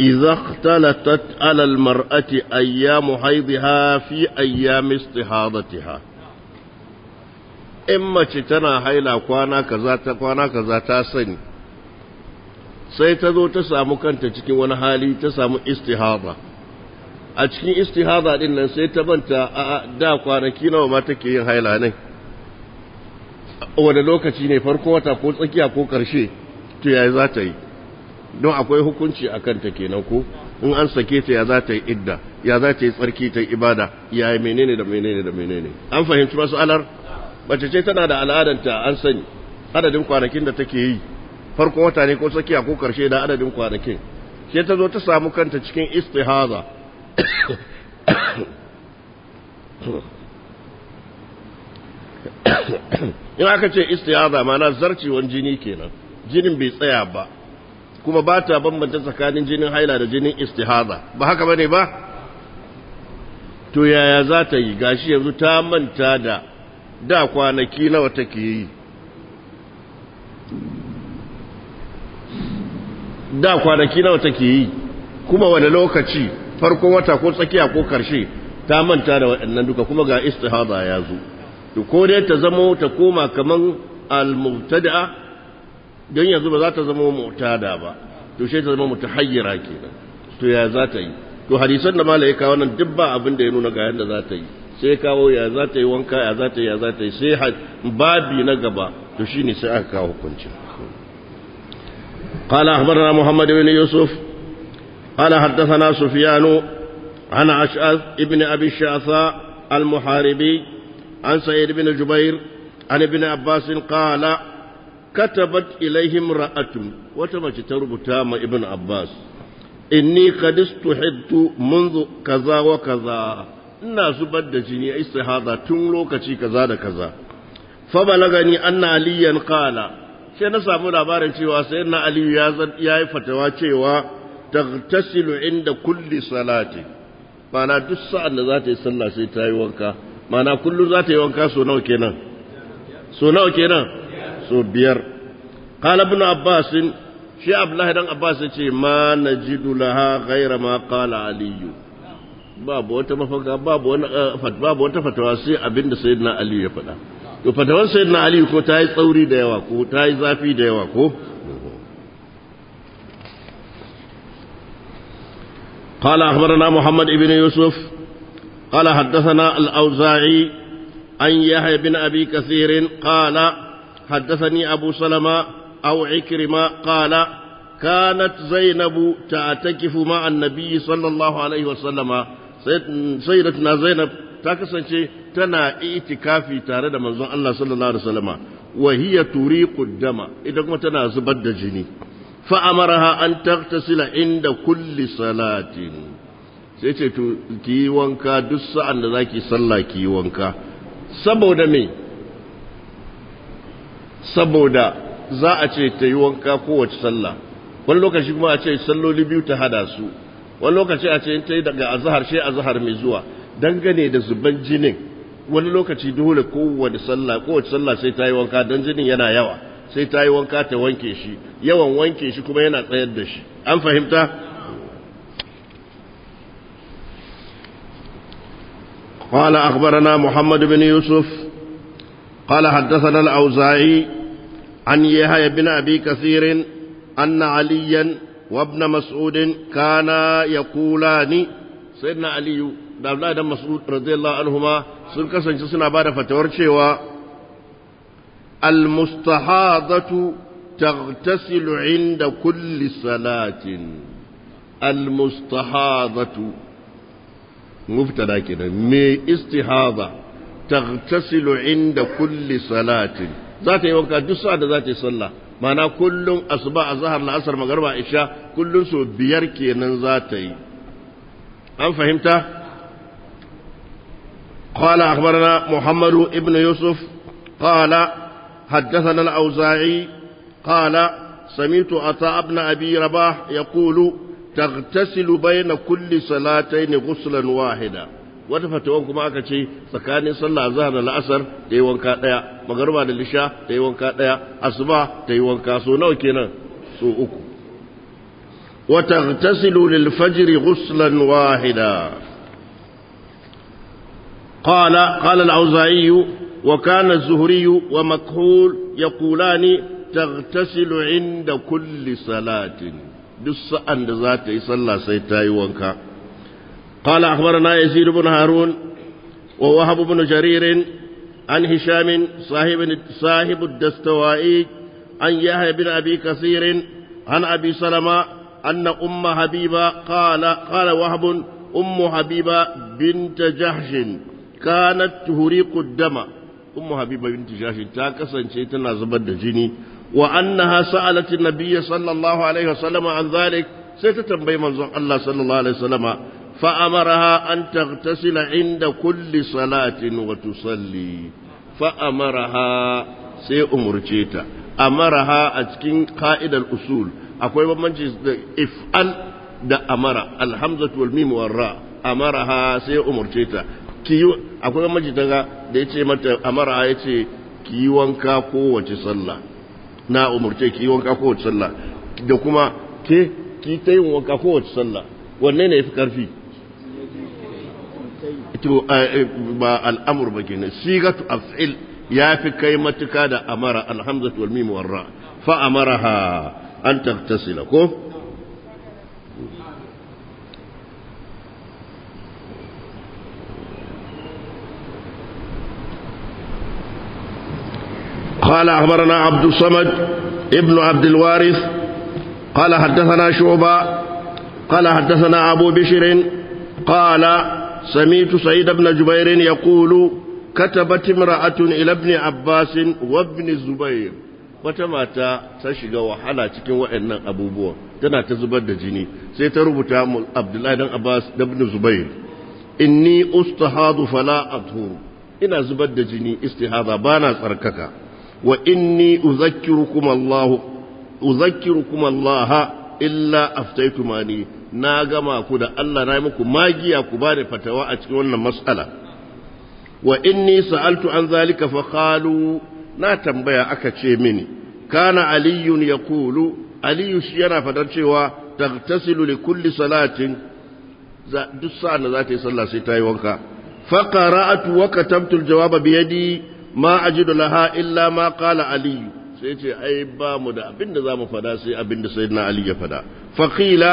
إذا اختلطت على المرأة أيام حيضها في أيام استحاضتها إما تنا حيلا كوانا كذا كوانا كذا sai ta zo ta samu kanta cikin wani hali ta samu istihada a cikin istihada din nan sai ta banta a da kwanaki nawa ma take yin haila ne wani lokaci ne farko wata ko tsakiya ko karshe to yayi za ta yi don akwai hukunci a kanta kenan ko in an sake ta ya za ta yi idda ya za ta yi tsarki ta ibada ya yi menene da menene da menene an fahimci masu alar mace ce tana da al'adanta an sani adadin kwanakin da take yi farkon wata ne ko tsakiya ko karshe da adadin kwanakin sai ta zo ta samu kanta cikin istihaza in aka ce istihaza ma na zarcewan jini kenan jinin bai tsaya ba kuma ba ta bambanta tsakanin jinin haila da jinin istihaza ba haka bane ba to yaya za ta yi gashi yanzu ta manta da da kwanaki nawa take yi da kwanaki nawa take yi kuma wani lokaci farkon wata ko tsakiya ko karshe ta manta da waɗannan duka kuma ga istihaza ya zo to ko dai ta zama ta koma kaman al-mubtada'a don yanzu ba za ta zama mutada ba to shi ta zama mutahayyira kenan to ya za ta yi to hadisan da malai kawo nan duk ba abin da ya nuna ga yadda za ta yi sai kawo ya za ta yi wanka ya za ta yi ya za ta yi sai babi na gaba to shi ne sai aka kawo hukuncin قال أخبرنا محمد بن يوسف قال حدثنا سفيان عن أشعث ابن أبي الشعثاء المحاربي عن سعيد بن جبير عن ابن عباس قال katabat ilaihim ra'atun wata mace ta rubuta ma ibn abbas inni kadistu, hiddu, منذ kaza wa kaza ina zubar da jini istihada tun lokaci kaza da kaza fa balagani anna aliyan qala sai na samu labarin cewa na ali ya yayi fatawa cewa taghtasilu inda kulli salati mana duk sa'an da za ta yi sallah sai ta yi wanka mana kullu za ta yi wanka so nawa kenan so nawa kenan so biyar qala ibn abbas shi abdullahi dan abbas yace ma najidu laha ghaira ma qala aliyu babu wata mafaka babu wani eh, babu wata fatawa sai abinda sayyidina ali ya faɗa to fatawar sayyidina ali ko ta yi tsauri da yawa ko ta yi zafi da yawa ko قال أخبرنا محمد بن يوسف قال حدثنا الأوزاعي عن يحيى بن أبي كثير قال حدثني أبو سلمة أو عكرمة قال كانت زينب تعتكف مع النبي صلى الله عليه وسلم سيدتنا زينب تكسن شيء تنا اعتكافي تارد من الله صلى الله عليه وسلم وهي تريق الدم إذا كنت تنا زبد جني فأمرها أن تغتسل عند كل صلاة sai ce دس أن wanka صلى sa'an da za saboda za a ce ta yi wanka kowace sallah wani lokaci kuma a ce salloli biyu ta hada su wani lokaci a ce in ta yi daga azahar shi azahar mai zuwa dangane da zuban jinin wani lokaci dole kowace sallah kowace sallah sai ta yi wanka don jinin yana yawa sai ta yi wanka ta wanke shi yawan wanke shi kuma yana tsayar da shi an fahimta قال أخبرنا محمد بن يوسف قال حدثنا الأوزاعي عن يهي بن أبي كثير أن عليا وابن مسعود كانا يقولان سيدنا علي دابنا آدم مسعود رضي الله عنهما سلك سنجسنا بعد فتورشيوا المستحاضة تغتسل عند كل صلاة المستحاضة مبتدا كده مي استحاضه Taktasi inda kulli salatin. Za ta yi wanka duk sa'ad da za ta yi sallah, ma'ana kullum asuba a zahar la'asar magaraba a isha kullum sau biyar kenan za ta yi. An fahimta? Qala Akhbarna Muhammadu Ibn Yusuf, qala Haddasa na Lanzari, qala Samitu ata na Abiyabah ya kulu taktasi lubai na kulli salatai ne gusulan wahida. wata fatawan kuma aka ce tsakanin sallah zahar da la'asar da yi wanka ɗaya magarba da lisha da yi wanka ɗaya asuba da yi wanka so nawa kenan so uku wa taghtasilu lil fajr ghuslan wahida qala qala al-auza'i wa kana az-zuhri wa makhul yaqulani taghtasilu inda kulli salatin duk sa'an da za ta yi sallah sai ta yi wanka قال أخبرنا يزيد بن هارون ووهب بن جرير عن هشام صاحب صاحب الدستوائي عن يحيى بن أبي كثير عن أبي سلمة أن أم حبيبة قال قال وهب أم حبيبة بنت جحش كانت تهريق الدم أم حبيبة بنت جحش تاكسا شيتنا زبد جني وأنها سألت النبي صلى الله عليه وسلم عن ذلك ستتم ta الله صلى الله عليه وسلم فأمرها أن تغتسل عند كل صلاة وتصلي فأمرها sai umurce ta amaraha a cikin ka'idar usul akwai bambanci da if'al da amara alhamzatu wal mim amaraha sai ta kiyu akwai bambanci daga da yace mata amara ce ki wanka kowace sallah na umurce ki wanka kowace sallah da kuma ke ki ta yin wanka kowace sallah wanne ne yafi karfi آه، إيه، ما الامر بجن صيغه افعل يا في كلمه كاد امر الحمزة والميم والراء فامرها ان تغتسلكم قال اخبرنا عبد الصمد ابن عبد الوارث قال حدثنا شعبه قال حدثنا ابو بشر قال سمعت سعيد بن جبير يقول كتبت امرأة إلى ابن عباس وابن الزبير wata mata ta shiga wahala cikin wa'annan abubuwan tana ta zubar da jini sai ta rubuta mu Abdullahi dan Abbas da Ibn Zubair inni ustahadu fala athur ina zubar da jini istihada bana tsarkaka wa inni uzakkirukum Allah uzakkirukum Allah illa aftaytumani na gama ku da Allah na yi muku magiya ku ba da fatawa a cikin wannan matsala wa inni sa'altu an zalika fa qalu na tambaya aka ce mini kana aliyun yaqulu aliyu shi yana fadar cewa tagtasilu li kulli salatin duk sa'an da za ta yi sallah sai ta yi wanka fa qara'atu wa katamtu al-jawaba bi yadi ma ajidu laha illa ma qala aliyu sai ce ai ba mu da abin da za mu fada sai abin da sayyidina ali ya fada Fakila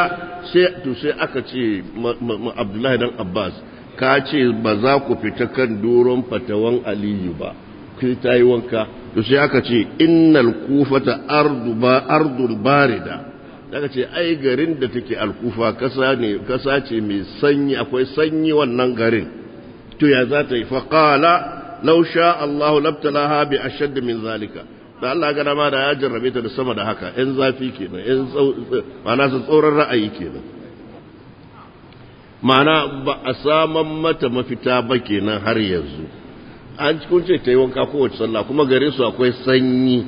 sai to aka ce abdullahi dan abbas ka ce ba za ku fita kan doron fatawan aliyu ba kai ta yi wanka to sai aka ce innal kufata ardu ba ardul barida daga ce ai garin da take alkufa kasa ne kasa ce mai sanyi akwai sanyi wannan garin to ya za ta yi faqala law sha Allahu labtalaha bi ashadd min zalika da Allah ga dama da ya jarrabe ta da sama da haka yan zafi kenan yan ma'ana su tsoron ra'ayi kenan ma'ana ba a saman mata mafita ba kenan har yanzu an kun ce ta yi wanka kowace sallah kuma gare su akwai sanyi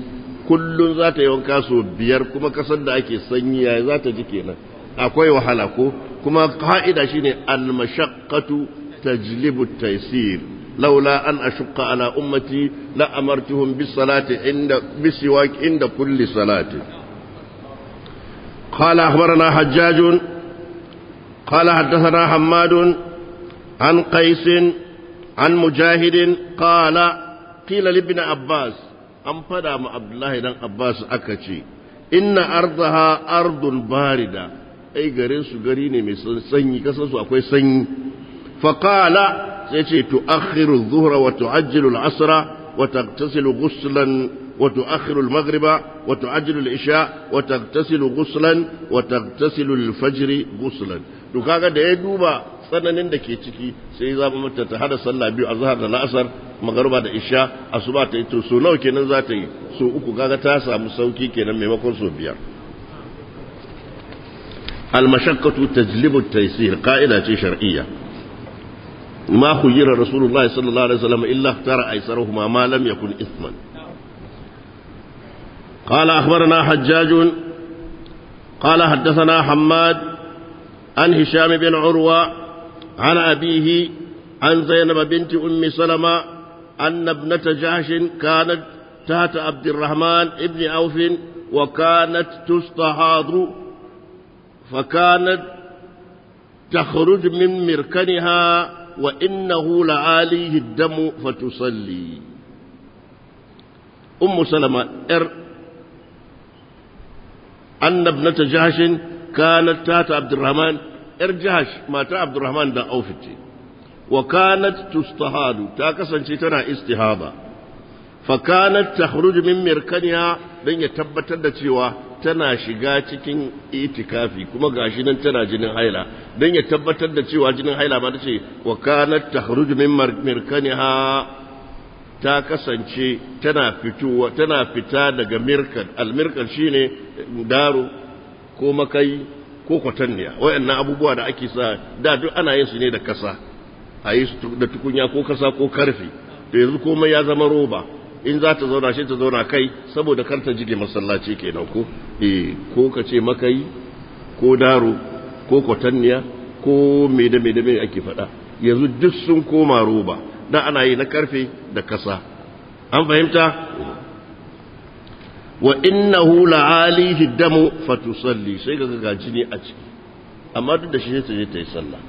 kullum za ta yi wanka sau biyar kuma kasar da ake sanyi ya za ta ji kenan akwai wahala ko kuma ka'ida shine al-mashaqqatu tajlibu taysir لولا أن أشق على أمتي لأمرتهم بالصلاة عند بسواك عند كل صلاة قال أخبرنا حجاج قال حدثنا حماد عن قيس عن مجاهد قال قيل لابن عباس أم فدا مع عبد الله بن عباس أكتي إن أرضها أرض باردة أي غرين سو مثل mai sanyi kasan su فقال sai ce tu'akhiru dhuhra wa tu'ajjilu al-'asra wa taghtasilu ghuslan wa tu'akhiru al-maghriba wa tu'ajjilu al-isha wa taghtasilu ghuslan wa taghtasilu al-fajr ghuslan to kaga da ya duba tsananin da ke ciki sai za mu mata ta hada sallah biyu azhar da la'asar magruba da isha asuba ta yi so nawa kenan za ta yi so uku kaga ta samu sauki kenan maimakon so biyar المشقة تجلب التيسير ce شرعية ما خير رسول الله صلى الله عليه وسلم إلا اختار أيسرهما ما لم يكن إثما قال أخبرنا حجاج قال حدثنا حماد عن هشام بن عروة عن أبيه عن زينب بنت أم سلمة أن ابنة جحش كانت تحت عبد الرحمن ابن أوف وكانت تستحاض فكانت تخرج من مركنها وإنه لعاليه الدم فتصلي أم سلمة إر أن ابنة جهش كانت تات عبد الرحمن إر جهش ما تا عبد الرحمن دا أوفتي وكانت تستهاد تاكسا تنا استهابا فكانت تخرج من مركنها لن يتبتد شواه tana shiga cikin itikafi kuma gashi nan tana jinin haila don ya tabbatar da cewa jinin haila ba ta ce wa kanat tahruju min mirkaniha ta kasance tana fitowa tana fita daga mirkan almirkan shine daro ko makai ko kwatanniya wayannan abubuwa da ake sa da duk ana yin su ne da kasa a yi da tukunya ko kasa ko karfi to yanzu komai ya zama roba in za ta zauna shi ta zauna kai saboda kar ta jige masallaci kenan ko e, ko ka ce makai ko daro ko kwatanniya ko me da me da me ake faɗa yanzu duk sun koma roba da ana yi na karfe da kasa an fahimta wa innahu la'alihi damu fatusalli sai ga ga jini a ciki amma duk da shi sai ta yi sallah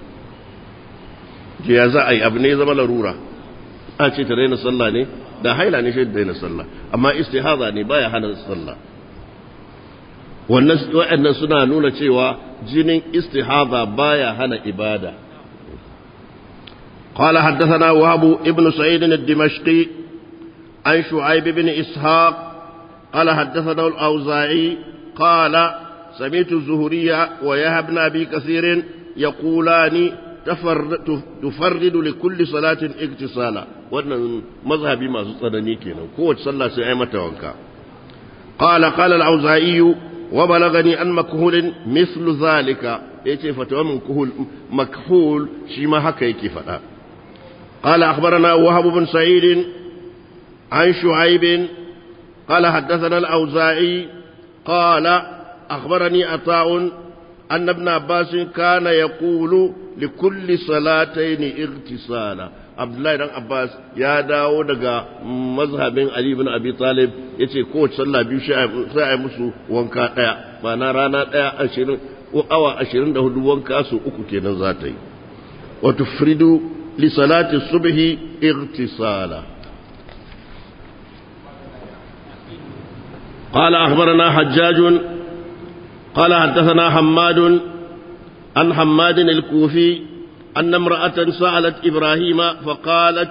je ya za a yi abu ne zama larura a ce ta daina sallah ne da haila ne shi ta daina sallah amma istihaza ne baya hana sallah wannan wa'annan suna nuna cewa jinin istihaza baya hana ibada قال حدثنا وهب ابن سعيد الدمشقي عن شعيب بن إسحاق قال حدثنا الأوزاعي قال سمعت الزهري ويهب بن أبي كثير يقولان تفرد لكل صلاة اقتصالا وانا مذهبي ما صدني كينا قوة صلاة سعيمة وانكا قال قال العوزائي وبلغني أن مكهول مثل ذلك ايتي فتوى من كهول مكهول شما هكيك فتا قال أخبرنا وهب بن سعيد عن شعيب قال حدثنا الأوزائي قال أخبرني أطاء أن ابن عباس كان يقول لكل صلاتين اغتسالا عبد الله بن عباس يا داو دغا مذهب علي بن ابي طالب yace kowace sallah biyu sai a yi musu wanka daya ma'ana rana daya ashirin ko awa ashirin da hudu wanka su uku kenan za ta yi wa tufridu li salati subhi irtisala qala akhbarana hajjajun قال حدثنا حماد عن حماد الكوفي أن امرأة سألت إبراهيم فقالت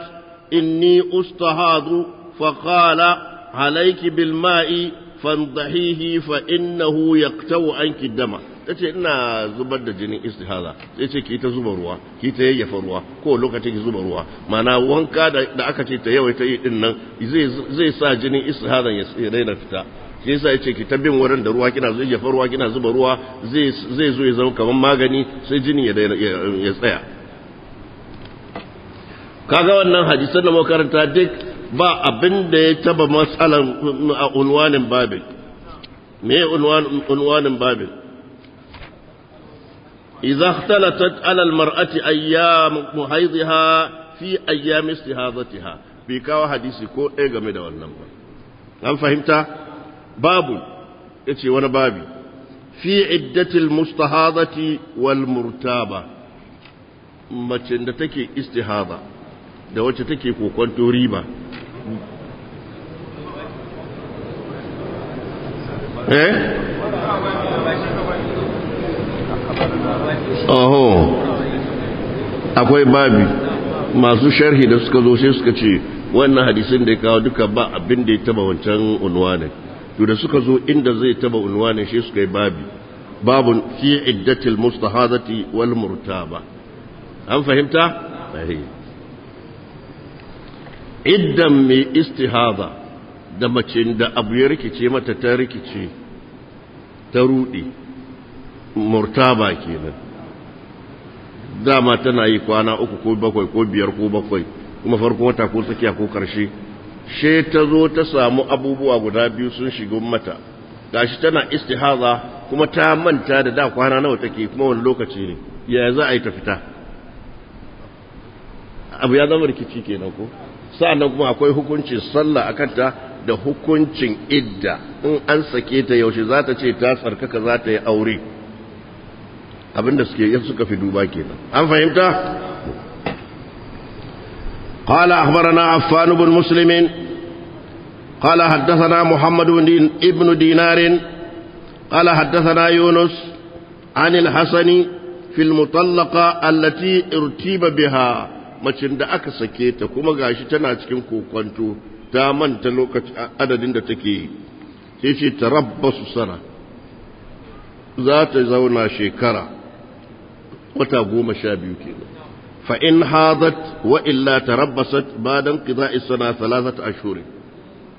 إني أستهاض فقال عليك بالماء فانضحيه فإنه يقتو عنك الدم تتي إنا زبد جني استهاضا تتي كيت زبروا كيت يفروا كل لغة زبروا ما أنا وانكا دعك تتي يوي تتي زي زي ساجني استهاضا يسيرين فتاة shi yasa yace ki tabbin wurin da ruwa kina ya ruwa kina zuba ruwa zai zai zo ya zama kaman magani sai jini ya ya tsaya kaga wannan hadisan da makaranta duk ba abin da ya taba matsalan mm, a unwanin babin me unwanin babin idza ikhtalatat ala almar'ati ayyam muhaydha fi ayyam istihadatiha bi kawo hadisi ko ɗaya game da wannan ba an fahimta babu yace wani babi fi iddatil mustahadati wal murtaba mace da take istihaba da wacce take kokon riba eh oho akwai babi masu sharhi da suka zo sai suka ce wannan hadisin da ya kawo duka ba abinda ya taba wancan unwanin to da suka zo inda zai taba unwanin shi suka yi babi babun fi iddatil mustahadati wal murtaba an fahimta iddan mai istihada da mace da abu ya rikice mata ta rikice ta rudi murtaba kenan dama tana yi kwana uku ko bakwai ko biyar ko bakwai kuma farko wata ko tsakiya ko karshe she ta zo ta samu abubuwa guda biyu sun shigo mata gashi tana istihaza kuma ta manta da da kwana nawa take kuma wani lokaci ne ya za a yi ta fita abu ya zama rikici kenan ko sa'annan kuma akwai hukuncin sallah akan ta da hukuncin idda in an sake ta yaushe za ta ce ta tsarkaka za ta yi aure abinda suke yin suka fi duba kenan an fahimta قال أخبرنا عفان بن مسلم قال حدثنا محمد بن ابن دينار قال حدثنا يونس عن الحسن في المطلقة التي ارتيب بها macin da aka sake ta kuma gashi tana cikin kokonto ta manta lokaci adadin da take sai ce tarabbasu sana za ta zauna shekara wata goma sha biyu kenan Fa فإن حاضت وإلا تربصت بعد انقضاء السنة ثلاثة أشهر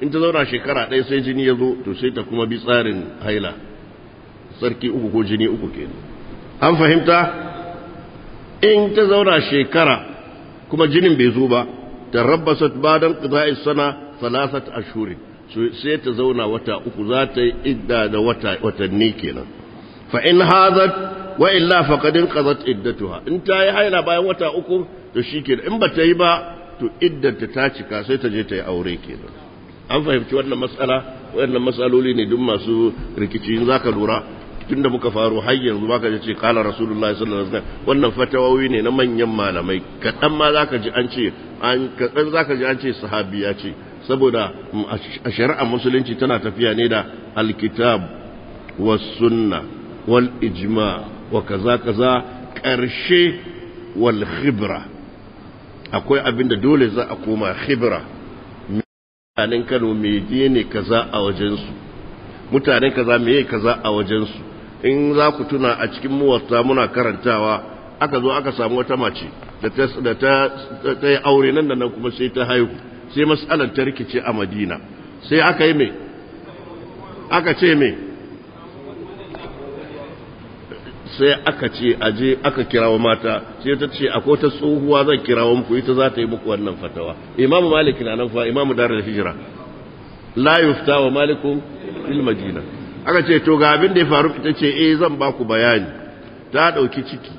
in ta zauna shekara ɗaya sai jini ya zo to sai ta kuma bi tsarin haila sarki uku ko jini uku ke an fahimta in ta zauna shekara kuma jinin bai zo ba ta ba badan qida'i sana salasat ashhur sai ta zauna wata uku za ta yi idda da wata watanni kenan fa in hadat wa illa faqadin qadat iddatuha in ta yi haila bayan wata uku to shike in bata yi ba to iddar ta cika sai ta je ta yi aure kenan an fahimci wannan matsala wannan matsaloli ne duk masu rikici in zaka lura tunda muka faru har yanzu baka je ce kala rasulullahi sallallahu alaihi wasallam wannan fatawawi ne na manyan malamai kadan ma zaka ji an ce an kadan zaka ji an ce sahabiya ce saboda a shari'a musulunci tana tafiya ne da alkitab was sunna wal ijma' wa kaza kaza ƙarshe wal khibra akwai abinda dole za a koma khibra mutanen Kano ne kaza a wajensu mutanen kaza meye kaza a wajensu in za ku tuna a cikin muwatta muna karantawa aka zo aka samu wata mace da ta yi aure nan da nan kuma sai ta haihu sai matsalar ta rikice a madina sai aka yi me aka ce me sai aka ce aje aka wa mata sai ta ce akwai ta tsohuwa zan kirawo muku ita za ta yi muku wannan fatawa imam malik na nan fa imam darul hijra la yufta wa malikun fil madina aka ce to ga abin da ya faru ita ce eh zan ba ku bayani ta dauki ciki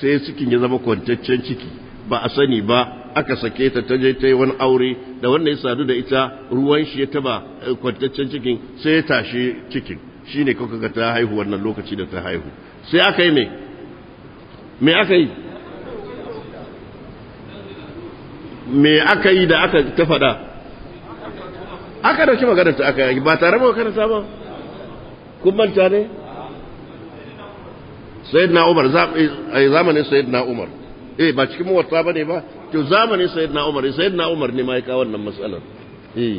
sai cikin ya zama kwantaccen ciki ba a sani ba aka sake ta ta je ta yi wani aure da wanda ya sadu da ita ruwan shi ya taba eh, kwantaccen cikin sai ya tashi cikin shine kuka ga ta haihu wannan lokaci da ta haihu sai aka yi mai mai aka yi mai aka yi da aka ta faɗa aka dauki magana ta aka yi ba tare ba karanta ba kun manta ne sayyidina umar eh, zamanin sayyidina umar eh ba cikin mawata ba ne ba to zamanin sayyidina umar eh, sayyidina umar ne ma ya kawo wannan matsalar eh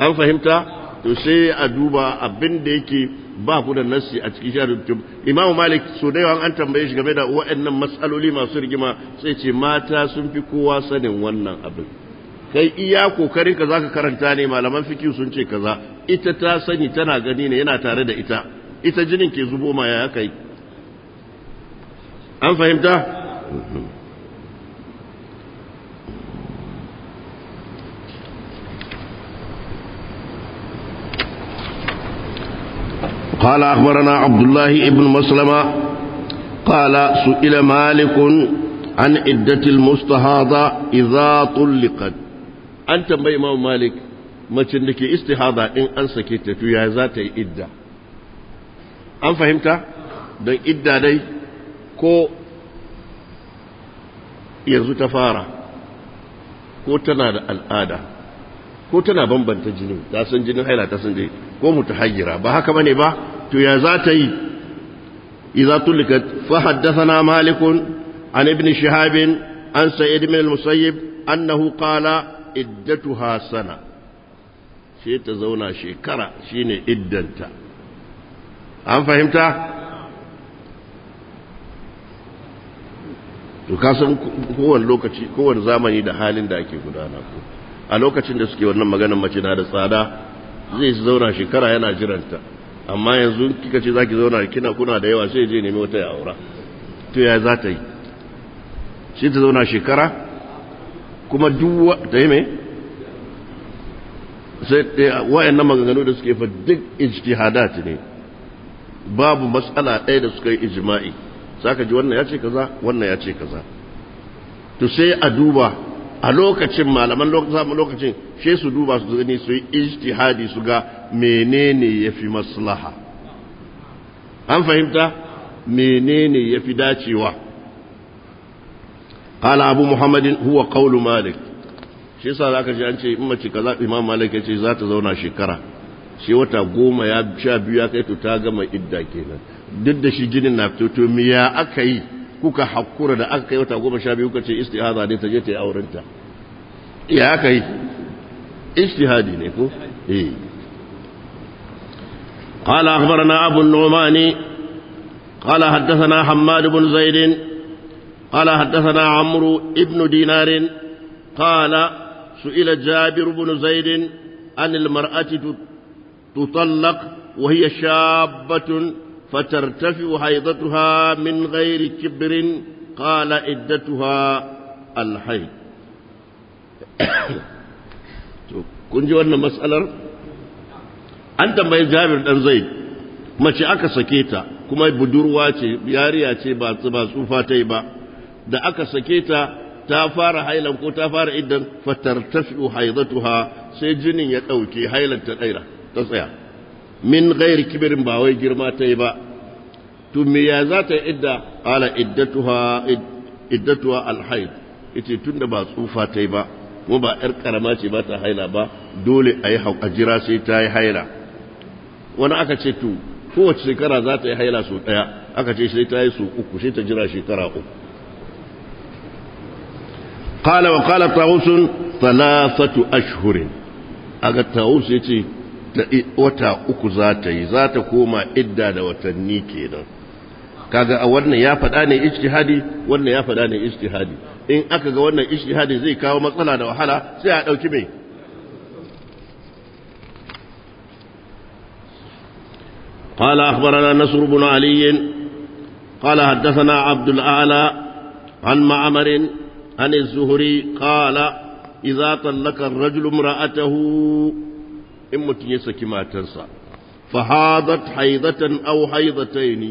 an fahimta to sai a duba abin da yake ba ku da nassi a cikin shari'a imamu malik so da yawan an tambaye shi game da waɗannan matsaloli masu rigima sai ce mata sun fi kowa sanin wannan abin kai iya kokarin ka zaka karanta ne malaman fikihu sun ce kaza ita ta sani tana gani ne yana tare da ita ita jinin ke zubo ma ya kai an fahimta قال أخبرنا عبد الله بن مسلمة قال سئل مالك عن عدة المستهاضة إذا طلقت أنت بي إمام مالك ما تنك استهاضة إن أنسكت في ذات إدة أم فهمت؟ دي إدة دي كو yanzu ta fara ko tana da al'ada ko tana bambanta jini ta san jinin haila ta san jini ko mutahayyira ba haka bane ba تو يا za ta yi iza مالك عن ابن شهاب an سيد من an أنه قال إدتها سنة شيء تزونا شيء كرا شيء ta zauna shekara shine iddanta an fahimta kowane lokaci kowane zamani da halin da ake gudana ko a lokacin da suke wannan maganar mace na da tsada zai zauna shekara yana jiranta amma yanzu kika ce zaki zauna kina kuna da yawa sai je nemi wata ya aura to ya za ta yi shi ta zauna shekara kuma duwa ta yi mai sai eh, wa'yan na maganganu da suke fa duk ijtihadat ne babu matsala ɗaya da suka yi ijima'i za ka ji wannan ya ce kaza wannan ya ce kaza to sai a duba a lokacin malaman lokacin shi su duba su gani su yi ijtihadi su ga menene fi maslaha an fahimta menene fi dacewa ala abu muhammadin huwa kaulu malik shi za zaka ji an ce in mace kaza Imam Malik ya ce za ta zauna shekara shi wata goma ya sha biyu ya kai to ta gama idda kenan duk da shi jinin na fito to me ya aka yi kuka hakura da aka kai wata goma sha biyu kuka ce istihaza ne ta je ta yi aurenta ya aka yi ijtihadi ne ko eh قال أخبرنا أبو النعمان قال حدثنا حماد بن زيد قال حدثنا عمرو بن دينار قال سئل جابر بن زيد عن المرأة تطلق وهي شابة فترتفع حيضتها من غير كبر قال عدتها الحيض kun ji wannan matsalar an tambayi jabir dan zaid mace aka sake ta kuma budurwa ce yariya ce ba ba tsufa ta yi ba da aka sake ta ta fara hailan ko ta fara iddan fatartasu haidatuha sai jinin ya ɗauke hailan ta tsaya min ghairi kibirin ba wai girma ta yi ba to me ya za ta idda ala iddatuha iddatuha alhaid ita tunda ba tsufa ta yi ba kuma ba yar karama ce ba ta haila ba dole a yi jira sai ta yi haila wani aka ce to kowace shekara za ta yi haila sau ɗaya aka ce sai ta yi sau uku sai ta jira shekara uku قال وقال طاووس ثلاثة أشهر أجل طاووس يتي wata uku za ta yi za ta koma idda da watanni kenan kaga a wannan ya faɗa ne ijtihadi wannan ya faɗa ne ijtihadi in aka ga wannan ijtihadi zai kawo matsala da wahala sai a ɗauki mai قال أخبرنا نصر بن علي قال حدثنا عبد الأعلى عن معمر عن الزهري قال إذا طلق الرجل امرأته in mutum ya saki matarsa fa hadat haidatan aw haidataini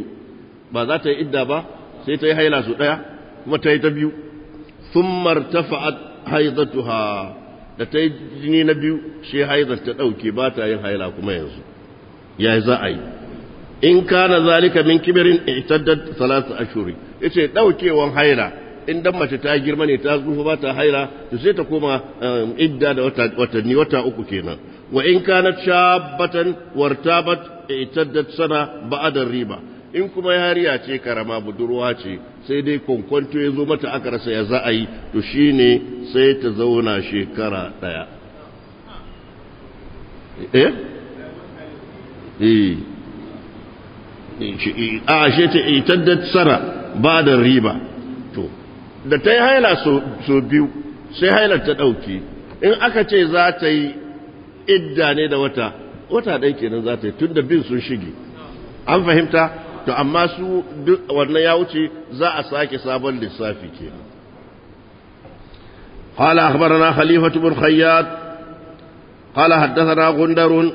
ba za ta yi idda ba sai ta yi haila su daya kuma ta yi ta biyu thumma irtafa'at haidatuha da ta yi jini na biyu shi haidar ta dauke ba ta yin haila kuma yanzu ya za a yi in kana zalika min kibirin ihtaddat thalath ashuri yace daukewan haila in dan mace ta girma ne ta zufa ba ta haila to sai ta koma um, idda da watanni wata uku kenan wa in kana shabbatan wartabat itaddat sana ba'da riba in kuma yariya ce karama budurwa ce sai dai kwankwanto ya zo mata aka rasa ya za a yi to shine sai ta zauna shekara daya eh eh. Eh, eh a shi ta itaddat sana ba da riba da ta yi haila so biyu sai hailar ta ɗauki in aka ce za ta yi idda ne da wata wata ɗan kenan za ta yi tun da bin sun shige an fahimta to amma su duk wannan ya wuce za a sake sabon lissafi kenan قال أخبرنا خليفة بن خياط قال حدثنا غندر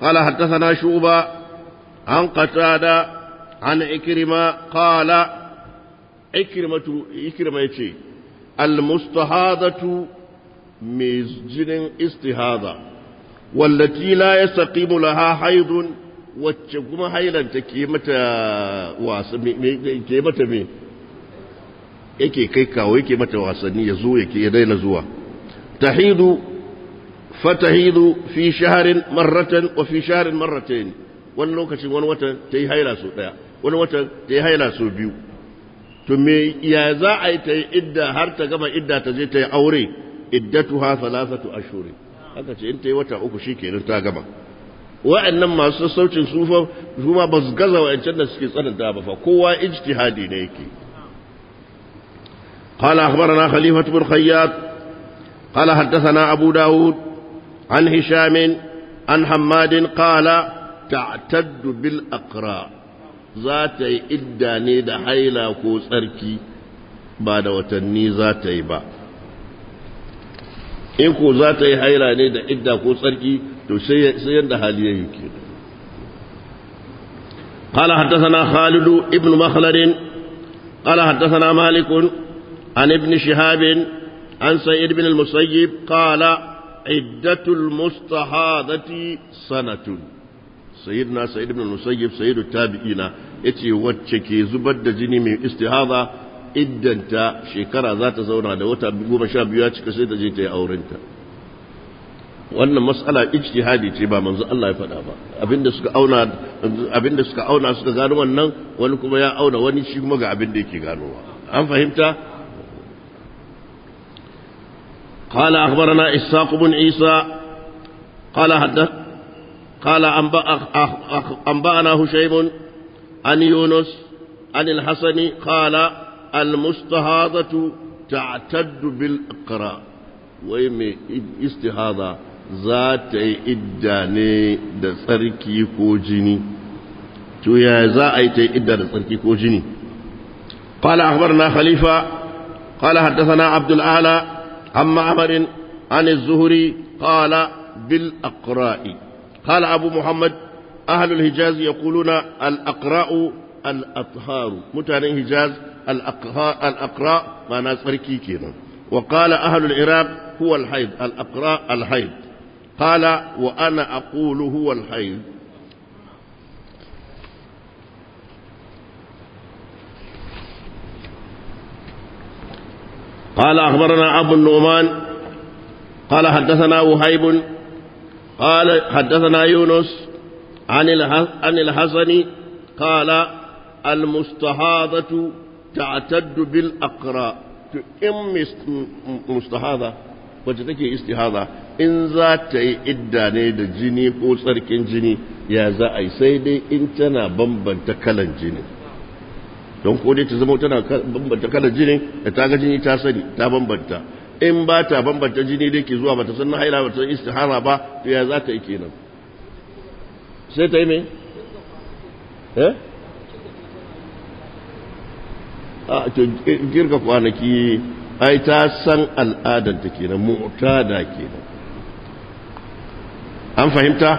قال حدثنا شوبة عن قتادة عن إكرمة قال ikrimatu ikrima yace almustahadatu mai jinin istihada wallati la yastaqimu laha haidun wacce kuma hailanta ke mata wasa ke mata me yake kai kawo yake mata wasanni ya zo yake ya daina zuwa tahidu hidu fi shaharin marratan wa fi shaharin marratayn wani lokacin wani watan ta yi haila sau ɗaya wani watan ta yi haila sau biyu to me ya za a yi ta yi idda har ta gama idda ta je ta yi aure iddatuha salasatu ashuri haka ce in ta yi wata uku shikenan ta gama wa'annan masu sassaucin sufa su ma ba su gaza wa'ancan da suke tsananta ba fa kowa ijtihadi ne yake قال أخبرنا خليفة بن خياط قال حدثنا أبو داود عن هشام عن حماد قال تعتد بالأقرأ za ta yi idda ne da haila ko tsarki ba da watanni za ta yi ba in ko za ta yi haila ne da idda ko tsarki to sai yadda hali ya yi ke قال حدثنا خالد ابن مخلد قال حدثنا مالك عن ابن شهاب عن سيد بن المسيب قال عدة المستحاضة سنة sayyidina sayyid ibn musayyib sayyidu tabi'ina yace wacce ke zubar da jini mai istihaza iddanta shekara za ta zauna da wata goma sha biyu ya cika sai ta je ta yi aurenta wannan mas'ala ijtihadi ce ba manzo Allah ya faɗa ba abinda suka auna abinda suka auna suka gano wannan wani kuma ya auna wani shi kuma ga abin da yake ganowa an fahimta قال أخبرنا إسحاق بن عيسى قال أنبأنا هشيم عن يونس عن الحسن قال المستهاضة تعتد بالإقراء ويمي استهاضة ذات إداني دسركي كوجني تو يا ذات إدى دسركي كوجني قال أخبرنا خليفة قال حدثنا عبد الأعلى عن معمر عن الزهري قال بالأقراء قال أبو محمد أهل الحجاز يقولون الأقراء الأطهار متان الحجاز الأقراء ما ناس كينا وقال أهل العراق هو الحيض الأقراء الحيض قال وأنا أقول هو الحيض قال أخبرنا أبو النعمان قال حدثنا وهيب قال حدثنا يونس عن الحسن قال المستحاضة تعتد بالأقراء إن مستحاضة wacce take istihaza in za ta yi idda da jini ko tsarkin jini ya za sai dai in tana bambanta kalan jini don ko ta zama tana bambanta kalan jini da ta ga jini ta sani ta bambanta in ba ta bambanta jini da ke zuwa bata san haila bata san istihara ba to ya za ta yi kenan sai ta yi mai eh a to girka kwanaki ai ta san al'adar ta kenan mu'tada kenan an fahimta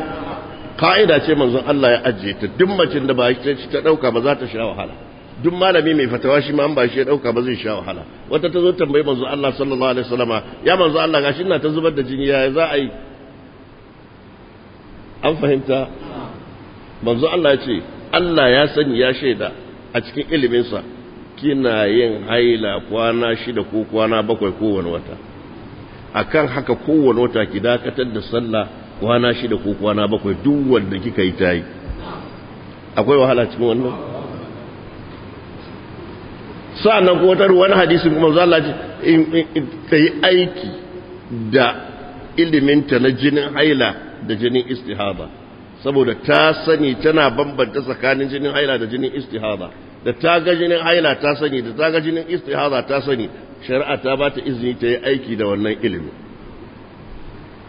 ka'ida ce manzon Allah ya ajiye ta duk macin da ba ta dauka ba za ta sha wahala duk malami mai fatawa shi ma an ba shi ya dauka ba zai sha wahala wata ta zo tambayi manzo Allah sallallahu alaihi wasallama ya manzo Allah gashi ina ta zubar da jini ya za a yi an fahimta manzo Allah ya ce Allah ya sani ya shaida a cikin iliminsa kina yin haila kwana shida ko kwana bakwai kowane wata akan haka kowane wata ki dakatar da sallah kwana shida ko kwana bakwai duk wanda kika yi tayi akwai wahala cikin wannan sa'annan kuma ta wani hadisi kuma za Allah ta yi aiki da iliminta na jinin haila da jinin istihaba saboda ta sani tana bambanta tsakanin jinin haila da jinin istihaba da ta ga jinin haila ta sani da ta ga jinin istihaba ta sani shari'a ta ba ta izini ta yi aiki da wannan ilimin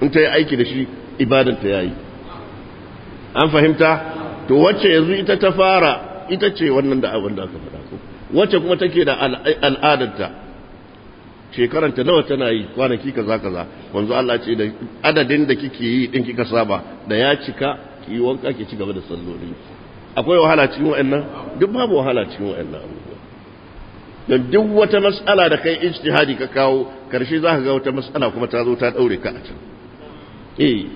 in ta yi aiki da shi ibadan ya yi an fahimta to wacce yanzu ita ta fara ita ce wannan da abin da aka faɗa wacce kuma take da al'adarta shekaranta nawa tana yi kwanaki kaza kaza wanzu Allah ce da adadin da kike yi din kika saba da ya cika ki wanka ki ci gaba da salloli akwai wahala cikin wa'annan duk babu wahala cikin wa'annan abubuwa don duk wata mas'ala da kai ijtihadi ka kawo karshe za ka ga wata mas'ala kuma ta zo ta daure ka a can eh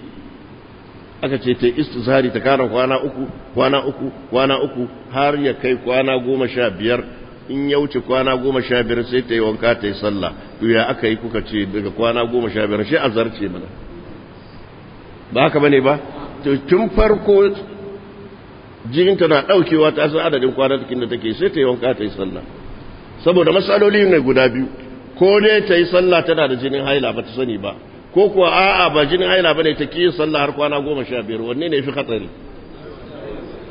aka ce ta istizhari ta kara kwana uku kwana uku kwana uku har ya kai kwana goma sha biyar in ya wuce kwana goma sha biyar sai ta yi wanka ta yi sallah to ya aka yi kuka ce daga kwana goma sha biyar shi a zarce mana ba haka bane ba to tun farko jikinta na daukewa ta san adadin kwanakin da take sai ta yi wanka ta yi sallah saboda matsaloli ne guda biyu ko ne ta yi sallah tana da jinin haila ba ta sani ba ko kuwa a'a ba jinin haila bane ta ki sallah har kwana goma sha biyar wanne ne fi hatsari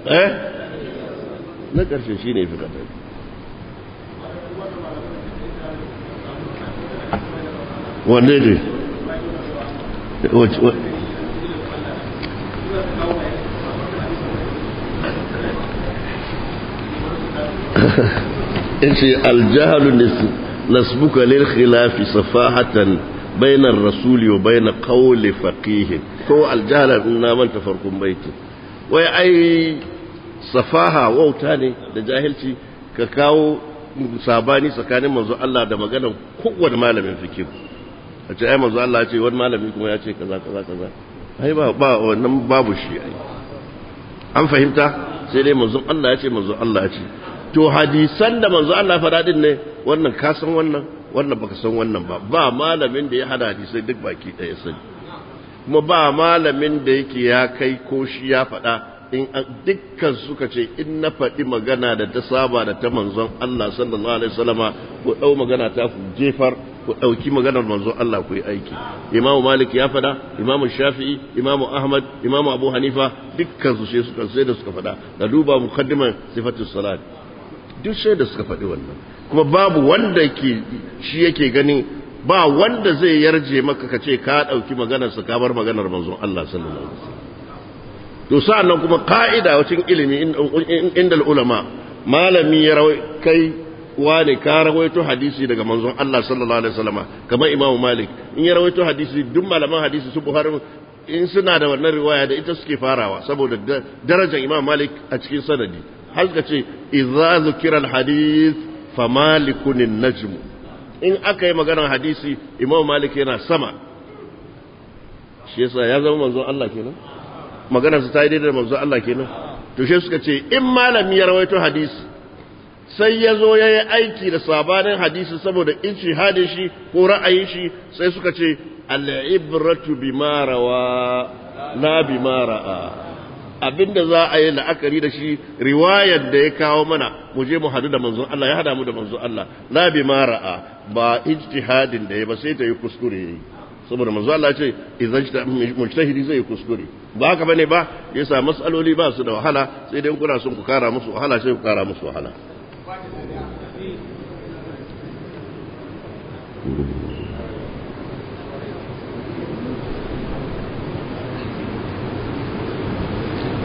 eh na ƙarshe shi ne fi hatsari wanne ne yace aljahalu nasbuka lil khilafi safahatan bainar ar-rasul wa bayna qawli faqih ko aljahala na manta farkon baiti wai ai safaha wauta ne da jahilci ka kawo sabani tsakanin manzo Allah da maganar kowane malamin fikin. a ce ai manzo Allah ya ce wani malami kuma ya ce kaza kaza kaza ai ba ba wannan babu shi ai an fahimta sai dai manzo Allah ya ce manzo Allah ya ce to hadisan da manzo Allah fara din ne wannan ka san wannan wannan baka san wannan ba ba malamin da ya hada hadisai duk baki ɗaya sani kuma ba malamin da yake ya kai ko shi ya faɗa in dukkan suka ce in na faɗi magana da ta saba da ta manzon Allah sallallahu alaihi wasallama ko ɗau magana ta jefar ku ɗauki maganar manzon Allah ku yi aiki imamu malik ya fada imamu shafi'i imamu ahmad imamu abu hanifa dukkan su sai suka sai da suka fada da duba muqaddiman sifatus salat duk sai da suka faɗi wannan kuma babu wanda ke shi yake gani ba wanda zai yarje maka ka ce ka ɗauki maganar sa ka bar maganar manzon Allah sallallahu alaihi wasallam to sa'annan kuma ka'ida wacin ilimi inda ulama malami ya kai Wani ka rawaito hadisi daga manzon Allah sallallahu alaihi wasallama kamar Imam Malik in ya rawaito hadisi duk malaman hadisi su Buhari in suna da wannan riwaya da ita suke farawa saboda darajar Imam Malik a cikin sanadi har ka ce idza zukira alhadith fa malikun najm in aka yi maganar hadisi Imam Malik yana sama shi yasa ya zama manzon Allah kenan maganar su ta yi daidai da manzon Allah kenan to shi suka ce in malami ya rawaito hadisi sai ya zo ya yi aiki da sabanin hadisi saboda hadin shi ko ra'ayin shi sai suka ce al'ibratu bima na la bima ra'a abinda za a yi la'akari da shi riwayar da ya kawo mana mu je mu hadu da manzo Allah ya hada mu da manzo Allah la bima ra'a ba ijtihadin da ya ba sai ta yi kuskure yi saboda manzo Allah ce idan mujtahidi zai yi kuskure ba haka bane ba yasa masaloli ba su da wahala sai dai kuna son ku kara musu wahala sai ku kara musu wahala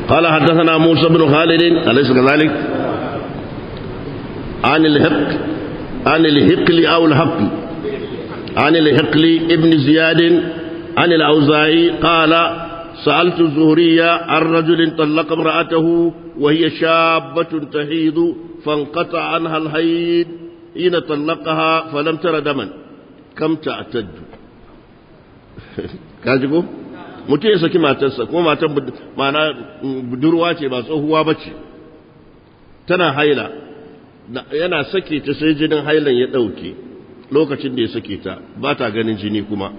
قال حدثنا موسى بن خالد أليس كذلك عن الهق عن الهقل أو الحق عن الهقل ابن زياد عن الأوزاعي قال سألت الزهرية عن رجل طلق امرأته وهي شابة تحيض فانقطع عنها الهيد حين طلقها فلم تر دما kam taddu ka ji ko mutum ya saki matarsa ko matar mana mm, budurwa ce ba tsohuwa ba ce tana haila yana sake ta sai jinin hailan ya ɗauke lokacin da ya sake ta ba ta ganin jini kuma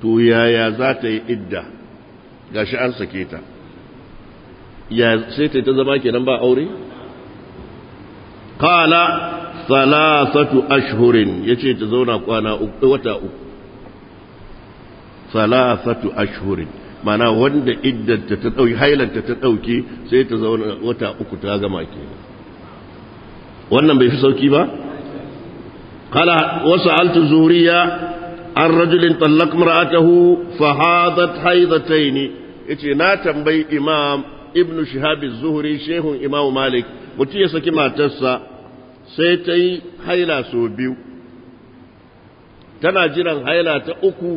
to yaya za ta yi idda ga shi an sake ta ya sai ta zama kenan ba aure kala salasatu ashhurin yace ta zauna kwana uku eh, wata uku salasatu ashhurin mana wanda iddanta ta dauki hailanta ta dauke sai ta zauna wata uku ta gama kenan wannan bai fi sauki ba قال وسألت الزهرية عن رجل طلق امرأته فحاضت حيضتين yace na tambayi imam ibnu shihab az-zuhri shehun imam malik mutum ya saki matarsa sai ta yi haila sau biyu tana jiran haila ta uku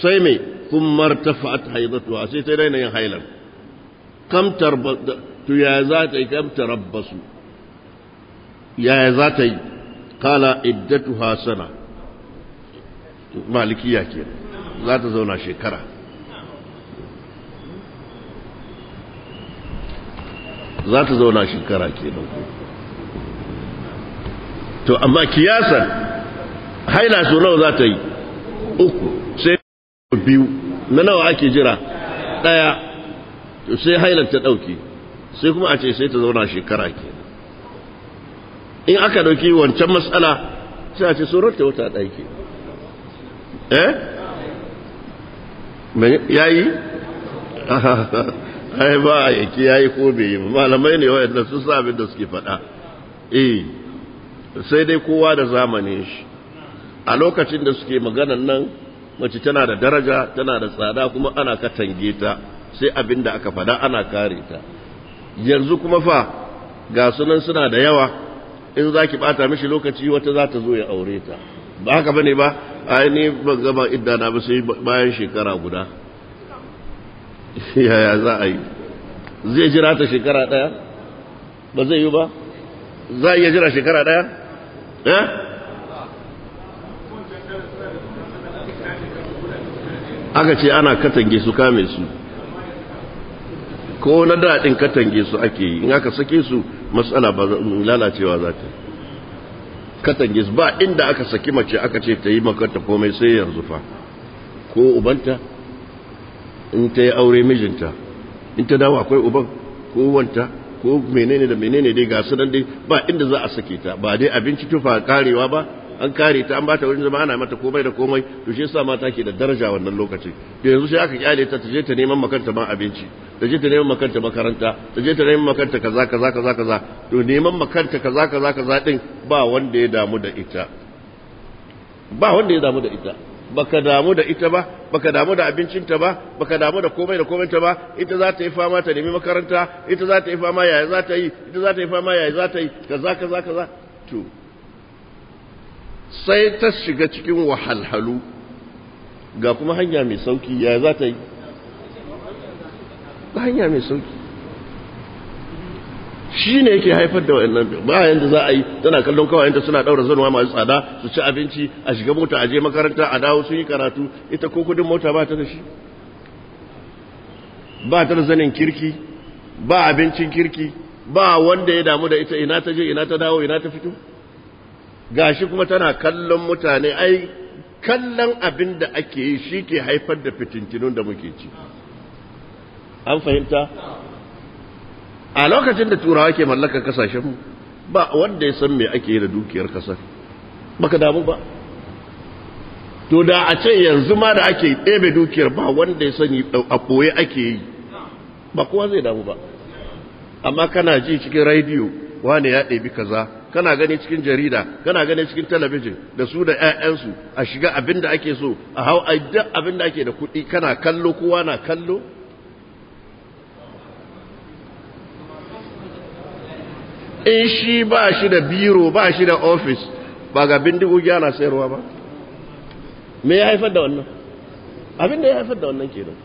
sai mai kummar ta fa'at haizatuwa, sai ta daina yin hailar kamtar to ya za ta yi kamtar su ya za ta yi kala iddatu hasana malikiya ke za ta zauna shekara za ta zauna shekara ke nan to amma kiyasan haila su nawa za ta yi uku sai biyu na nawa ake jira ɗaya to sai hailar ta ɗauki sai kuma a ce sai ta zauna shekara ke in aka ɗauki wancan matsala sai a ce sun ta wata ɗaya ke eh yayi ai ba yake yayi ko bai yi malamai ne wa'anda su sa abin da suke faɗa eh sai dai kowa da zamani shi a lokacin da suke maganan nan mace tana da daraja tana da tsada kuma ana katange ta sai abin da aka fada ana kare ta yanzu kuma fa ga sunan suna da yawa in za ki bata mishi lokaci wata za ta zo ya aure ta ba haka bane ba ai ban gama idda na ba sai bayan shekara guda yaya za a yi zai jira ta shekara ɗaya ba zai yi ba za a iya jira shekara daya eh? aka ce ana katange su kame su ko na daɗin katange su ake yi in aka sake su matsala ba lalacewa za ta katange su ba inda aka saki mace aka ce ta yi makarta komai sai yanzu fa ko ubanta in ta yi aure mijinta in ta dawo akwai uban ko wanta ko menene da menene dai ga sunan dai ba inda za a sake ta ba dai abinci tufa karewa ba an kare ta an bata wurin zama ana mata komai da komai to shi yasa mata ke da daraja wannan lokacin to yanzu sai aka kyale ta ta je ta neman makanta ma abinci ta je ta neman makanta makaranta ta je ta neman makanta kaza kaza kaza kaza to neman makanta kaza kaza kaza din ba wanda ya damu da ita ba wanda ya damu da ita baka damu da ita ba baka damu da abincinta ba baka damu da komai da komai ta ba ita za ta yi fama ta nemi makaranta ita za ta yi fama yaya za ta yi ita za ta yi fama yaya za ta yi kaza kaza kaza to sai ta shiga cikin wahalhalu ga kuma hanya mai sauki yaya za ta yi hanya mai sauki shi ne yake haifar da wa'annan ba da za a yi tana kallon kawai kawayenta suna daura zanwa masu tsada su ci abinci a shiga mota a je makaranta a dawo sun yi karatu ita ko kudin mota ba ta da shi ba ta da zanin kirki ba abincin kirki ba wanda ya damu da ita ina ta je ina ta dawo ina ta fito gashi kuma tana kallon mutane ai kallon abin da ake yi shi ke haifar da fitintinun da muke ci an fahimta a lokacin da turawa ke mallakar kasashen mu ba wanda ya san me ake yi da dukiyar kasar baka damu ba to da a ce yanzu ma da ake ɗebe dukiyar ba wanda ya sani a ɓoye ake yi ba kowa zai damu ba amma kana ji cikin rediyo wane ya ɗebi kaza kana gani cikin jarida kana gani cikin talabijin da su da 'ya'yansu a shiga abin da ake so a hau abin da ake da kuɗi kana kallo kowa na kallo in eh, shi ba shi da biro ba shi da ofis ba ga bindigogi ana sayarwa ba me ya haifar da wannan abin da ya haifar da wannan kenan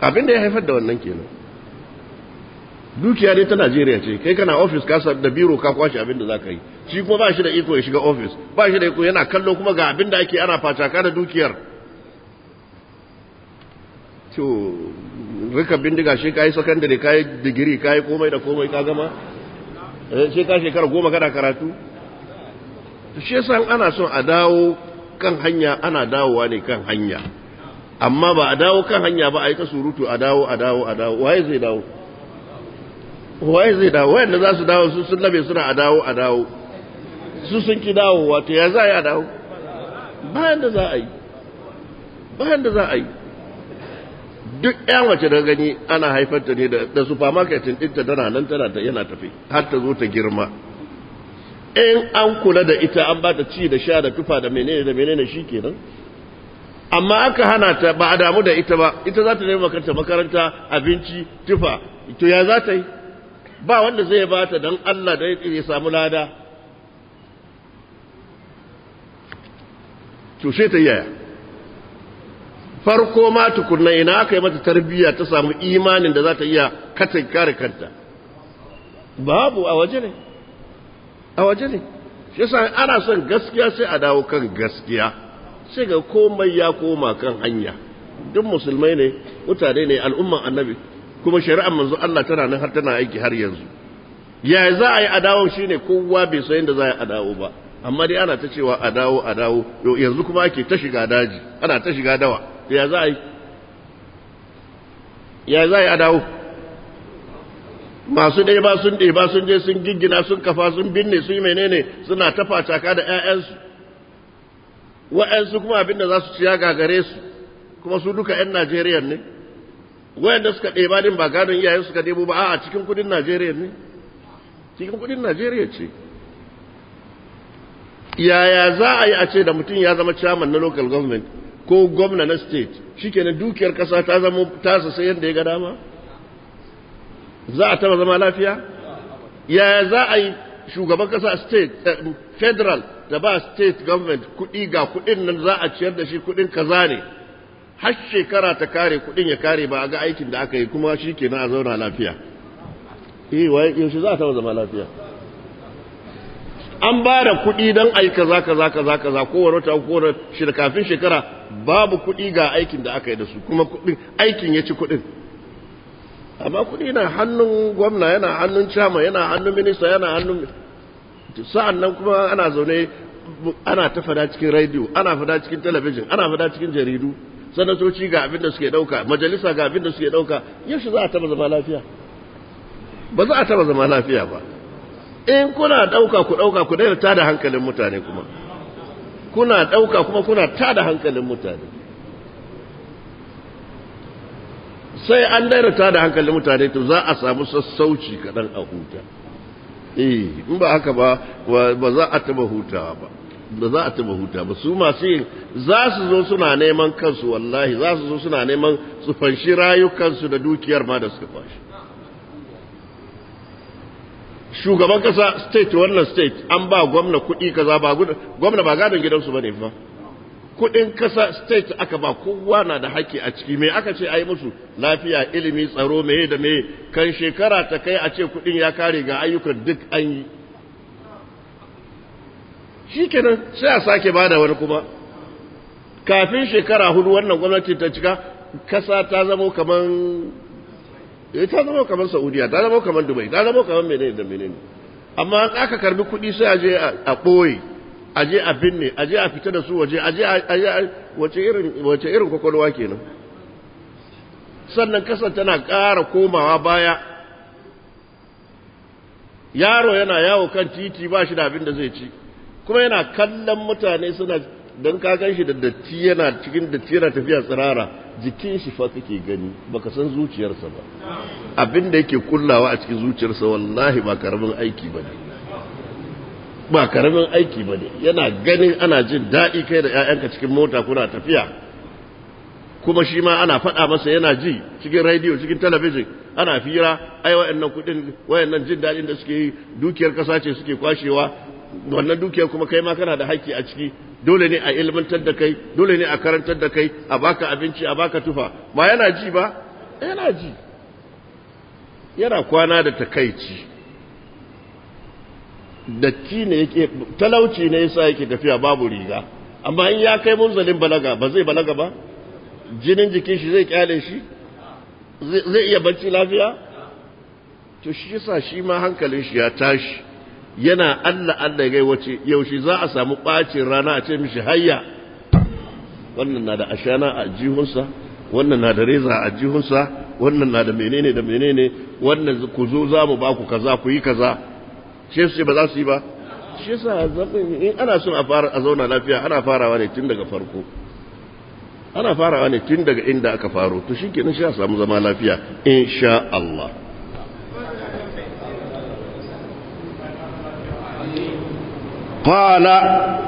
abin da ya haifar da wannan kenan dukiya dai ta Najeriya ce kai kana ofis ka da biro ka kwashe abin da ka yi shi kuma ba shi da iko ya shiga ofis ba shi da iko yana kallo kuma ga abin da ake ana facaka da dukiyar to rika bindiga shi ka yi sakandare yi digiri yi komai da komai ka gama Eh, sai ka shekara goma kana karatu to shi yasa ana son a dawo kan hanya ana dawowa ne kan hanya amma ba a dawo kan hanya ba a yi ka surutu a dawo a dawo a dawo waye zai dawo waye zai dawo wayanda za su dawo su sun labe suna a dawo a dawo su sun ki dawo wato ya za a yi a dawo bayan da za a yi bayan da za a yi duk ya wace da gani ana haifar ta ne da supermarket ɗinta tana nan tana ta yana tafi har ta zo ta girma in an kula da ita an ba ta ci da sha da tufa da menene da menene shi kenan amma aka hana ta ba a damu da ita ba ita za ta nema kanta makaranta abinci tufa to ya za ta yi ba wanda zai ba ta don Allah da ya samu lada to sai ta yaya farko ma tukunna ina aka yi mata tarbiyya ta samu imanin da za ta iya katin kare kanta babu a waje ne a waje ne shi ana son gaskiya sai a dawo kan gaskiya sai ga komai ya koma kan hanya duk musulmai ne mutane ne al'umman annabi kuma shari'ar manzo Allah tana nan har tana aiki har yanzu ya za a yi shi shine kowa bai san yadda za a yi adawo ba amma dai ana ta cewa a dawo a dawo yanzu kuma ake ta shiga daji ana ta shiga dawa ya za a yi ya za a yi dawo masu ɗeba sun ɗeba sun je sun giggina sun kafa sun binne sun yi menene suna tafa caka da 'ya'yansu wa'yansu kuma abin da za su ciya gagare su kuma su duka 'yan najeriya ne wa'yanda suka ɗeba din ba gadon iyayen suka ɗebo ba a cikin kudin najeriya ne cikin kudin najeriya ce yaya za a yi a ce da mutum ya zama chairman na local government ko gwamna na state shikenan dukiyar kasa ta zama tasa sai yadda ya ga dama za a taba zama lafiya yaya za a yi shugaban kasa state eh, federal da ba state government kudi ga kudin nan za a ciyar da shi kudin kaza ne har shekara ta kare kudin ya kare ba a ga aikin da aka yi kuma shi kenan a zauna lafiya eh yaushe za a taba zama lafiya an ba da kuɗi don ayi kaza kaza kaza kaza kowane wata kowane shida kafin shekara babu kuɗi ga aikin da aka yi da su kuma kuɗin aikin ya ci kuɗin amma kuɗi na hannun gwamna yana hannun cama yana hannun minista yana hannun sa'an nan kuma ana zaune ana ta fada cikin radio ana fada cikin talabijin ana fada cikin jaridu sanatoci ga abin da suke ɗauka majalisa ga abin da suke ɗauka yaushe za a taɓa zama lafiya ba za a taɓa zama lafiya ba in kuna ɗauka ku ɗauka ku daina tada hankalin mutane kuma kuna ɗauka kuma kuna tada hankalin mutane sai an daina tada hankalin mutane to za a samu sassauci kaɗan a huta eh in ba haka ba ba za a taɓa hutawa ba ba za a taɓa huta ba su masu yin za su zo suna neman kansu wallahi za su zo suna neman su fanshi rayukansu da dukiyar ma da suka fashi shugaban kasa state wannan state an ba gwamna kuɗi kaza ba gwamna ba gadon gidansu bane fa kuɗin kasa state aka ba kowa na da haƙƙi a ciki me aka ce yi musu lafiya ilimi tsaro mai da mai? kan shekara ta kai a ce kuɗin ya kare ga ayyukan duk an yi shikenan sai a sake bada wani kuma kafin shekara hudu wannan gwamnati ta cika kasa ta zamo kaman eh ta zama kamar saudiya ta zama kamar dubai ta zama kamar menene da menene amma an aka karbi kuɗi sai aje a ɓoye aje a binne aje a fita da su waje a a wace irin wace irin kwakwalwa kenan sannan kasan tana ƙara komawa baya yaro yana yawo kan titi ba shi da abin da zai ci kuma yana kallon mutane suna don ka gan shi da datti yana cikin datti yana tafiya tsirara jikin shi fa kake gani baka san zuciyarsa ba abin da yake kullawa a cikin zuciyarsa wallahi ba karamin aiki bane ba karamin aiki bane yana ganin ana jin daɗi kai da ƴaƴanka cikin mota kuna tafiya kuma shi ma ana faɗa masa yana ji cikin rediyo cikin talabijin ana fira ai wayannan kuɗin wayannan jin daɗin da suke yi dukiyar kasa ce suke kwashewa wannan dukiyar kuma kai ma kana da haƙƙi a ciki dole ne a ilmantar da kai dole ne a karantar da kai a baka abinci a baka tufa ba yana ji ba yana ji yana kwana da takaici datti ne yake talauci ne yasa yake tafiya babu riga amma in ya kai munzalin balaga ba zai balaga ba jinin jikin shi zai kyale shi zai iya bacci lafiya to shi yasa shi ma hankalin shi ya tashi yana Allah Allah gai wace yaushe za a samu ɓacin rana a ce mishi hayya wannan na da ashana a jihunsa wannan na da reza a jihunsa wannan na da menene da menene wannan ku zo za mu ba ku kaza ku yi kaza shi su ba za su yi ba shi sa in ana son a fara a zauna lafiya ana farawa ne tun daga farko ana farawa ne tun daga inda aka faro to shi kenan shi a samu zama lafiya insha Allah qala